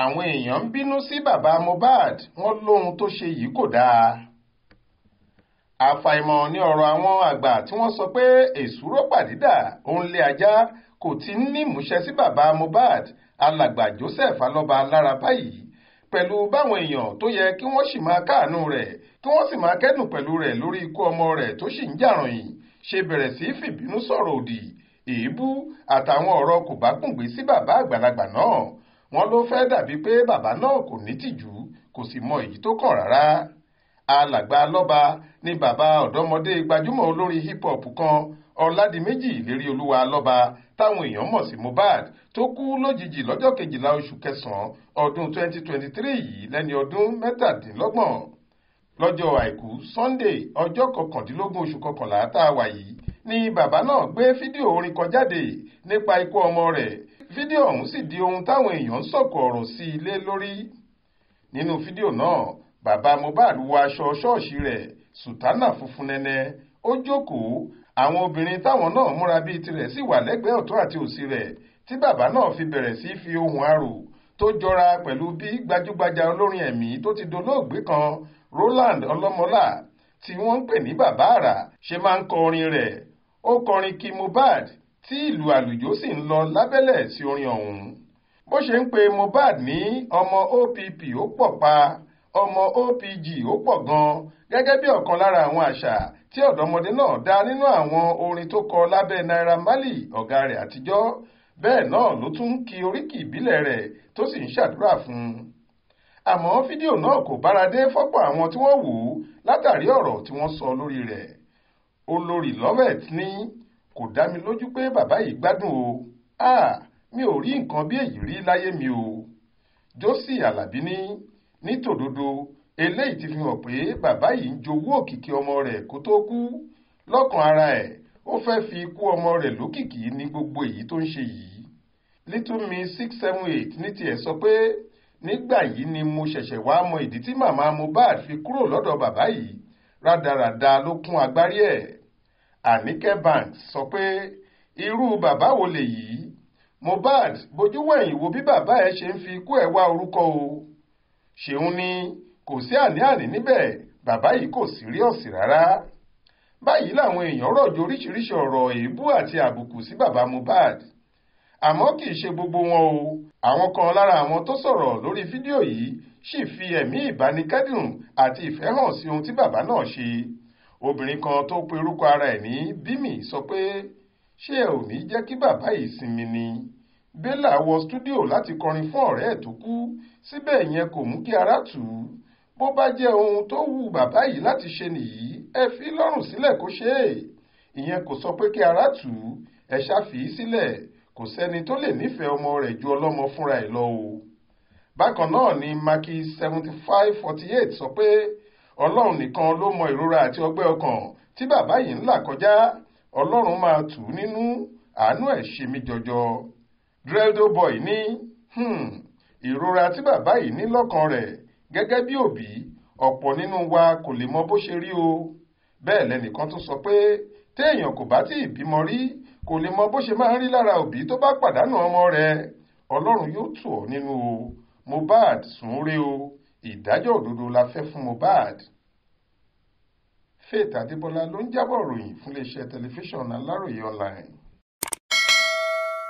àwọn èèyàn ń bínú sí bàbá Mohbad wọn lóhun tó ṣe yìí kò dáa àfàìmọ̀ ni ọ̀rọ̀ àwọn àgbà tí wọ́n sọ pé èsúró pàdídà òun lé ajá kò ti ń nímúṣẹ sí bàbá Mohbad alàgbà Joseph Alọ́ba lára báyìí pẹ̀lú báwọn èèyàn tó yẹ kí wọ́n sì máa káàánú rẹ̀ kí wọ́n sì máa kẹ́dùn pẹ̀lú rẹ̀ lórí ikú ọmọ rẹ̀ tó sì ń jàràn yìí ṣe bẹ̀rẹ̀ sí í fìbínú sọ̀rọ̀ òdì èébú àtàwọn ọ̀rọ̀ kò bá kùngbé sí bàbá àgbàlagbà náà wọ́n ló fẹ́ dàbí pé bàbá náà kò nítìjú kò sì mọ èyí tó kàn rárá alàgbà lọ́ba ni bàbá ọ̀dọ́mọdé gbajúmọ̀ olórin hip hop kan ọ̀làdìmẹ́jì ìlérí olúwa lọ́ba táwọn èèyàn mọ̀ sí Mohbad tó kú lójijì lọ́jọ́ kejìlá oṣù kẹsàn-án ọdún 2023 yìí lẹ́ni ọdún mẹ́tàdínlọ́gbọ̀n lọ́jọ́ àìkú Sunday ọjọ́ kọkàndínlógún oṣù kọkànlá tá a wà yìí ni bàbá náà gbé fídíò orin kan jáde nípa ikú ọmọ rẹ̀ fídíò ọ̀hún sì di ohun táwọn èèyàn ń sọ̀kò ọ̀rọ̀ sí i lé lórí nínú fídíò náà bàbá Mohbad wọ aṣọ ṣọ́ọ̀ṣì rẹ̀ sùtánà funfun nẹ́nẹ́ ó jókòó àwọn obìnrin táwọn náà múra bíi tirẹ̀ sì wà lẹ́gbẹ̀ẹ́ ọ̀tún àti òsì rẹ̀ tí bàbá náà fi bẹ̀rẹ̀ sí fi ohùn arò tó jọra pẹ̀lú bí gbajúgbajà olórin ẹ̀mí tó ti dolóògbé kan Roland Ọlọ́mọlá tí wọ́n ń pè ní bàbá àrà ṣe máa ń kọ rẹ̀ ó kọrin kí Mohbad tí ìlú àlùjó sì ń lọ lábẹ́lẹ̀ sí orin ọ̀hún bó ṣe ń pe Mohbad ní ọmọ OPP ó pọ̀ pa ọmọ OPG ó pọ̀ gan-an gẹ́gẹ́ bí ọ̀kan lára àwọn àṣà tí ọ̀dọ́mọdé náà dá nínú àwọn orin tó kọ lábẹ́ Naira Marley ọ̀gá rẹ̀ àtijọ́ bẹ́ẹ̀ náà ló tún ń ki oríkì ìbílẹ̀ rẹ̀ tó sì ń ṣàdúrà fún un àmọ́ fídíò náà kò bára dé fọ́pọ̀ àwọn tí wọ́n wò ó látàrí ọ̀rọ̀ tí wọ́n sọ lórí rẹ̀ olórí Lovett ní kò dá mi lójú pé bàbá yìí gbádùn o ah mi ò rí nǹkan bí èyí rí láyé mi o Josie Alabi ní ní tòdodo eléyìí ti fi hàn pé bàbá yìí ń jowú òkìkí ọmọ rẹ̀ kó tó kú lọ́kàn ara ẹ̀ ó fẹ́ fi ikú ọmọ rẹ̀ lókìkí ní gbogbo èyí tó ń ṣe yìí little mi six seven eight ní tiẹ̀ sọ pé nígbà yìí ni mo ṣẹ̀ṣẹ̀ wá mọ ìdí tí màmá Mohbad fi kúrò lọ́dọ̀ bàbá yìí rádaràda ló kún agbárí ẹ̀ Anike Banks sọ pé irú bàbá wo lèyí Mohbad bójú wẹ̀yìn wo bí bàbá ẹ̀ ṣe ń fi ikú ẹ̀ wá orúkọ o ṣeun ni kò sí àní-àní níbẹ̀ bàbá yìí kò síríọ̀sì rárá báyìí làwọn èèyàn rọ̀jò oríṣiríṣi ọ̀rọ̀ èébú àti àbùkù sí bàbá Mohbad àmọ́ kì í ṣe gbogbo wọn o àwọn kan lára àwọn tó sọ̀rọ̀ lórí fídíò yìí sì fi ẹ̀mí ìbánikẹ́dùn àti ìfẹ́ hàn sí ohun tí bàbá náà ṣe obìnrin kan tó pe orúkọ ara ẹ̀ ní bímì sọ pé ṣé ẹ ò ní jẹ́ kí bàbá yìí sinmi ni bélà wọ stúdíò láti kọrin fún ọ̀rẹ́ ẹ̀ tó kú síbẹ̀ ìyẹn kò mú kí ara tù ú bó bá jẹ́ ohun tó wù bàbá yìí láti ṣe nìyí ẹ fi lọ́rùn sílẹ̀ kó ṣe é ìyẹn kò sọ pé kí ara tù ú ẹ ṣàfi sílẹ̀ kò sẹ́ni tó lè nífẹ̀ẹ́ ọmọ rẹ̀ ju ọlọ́mọ fúnra ẹ̀ lọ o bákan náà ni maki seventy five forty eight sọ pé ọlọ́run nìkan ló mọ ìrora àti ọgbẹ́ ọkàn tí bàbá yìí ń là kọjá ọlọ́run máa tù ú nínú àánú ẹ̀ ṣe mí jọjọ. Dreddo Boy ní hmm, ìrora tí bàbá yìí ní lọ́kàn rẹ̀ gẹ́gẹ́ bí òbí ọ̀pọ̀ nínú wa kò lè mọ bó ṣe rí o bẹ́ẹ̀ lẹ́nìkan tó sọ pé téèyàn kò bá tí ì bímọ rí kò lè mọ bó ṣe máa ń rí lára òbí tó bá pàdánù ọmọ rẹ̀ ọlọ́run yóò tù ọ́ nínú o Mohbad sùn re o ìdájọ́ òdodo la fẹ́ fún Mohbad Faith Adébọlá ló ń jábọ̀ ròyìn fún iléeṣẹ́ tẹlifíṣàn Aláròye online.